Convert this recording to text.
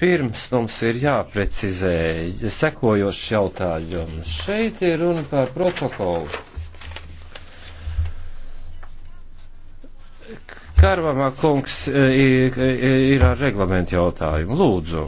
Vispirms mums ir jāprecizē sekojošs jautājums. Šeit ir runa par protokolu. Karvamā kungs eh, eh, eh, ir ar reglamentu jautājumu. Lūdzu.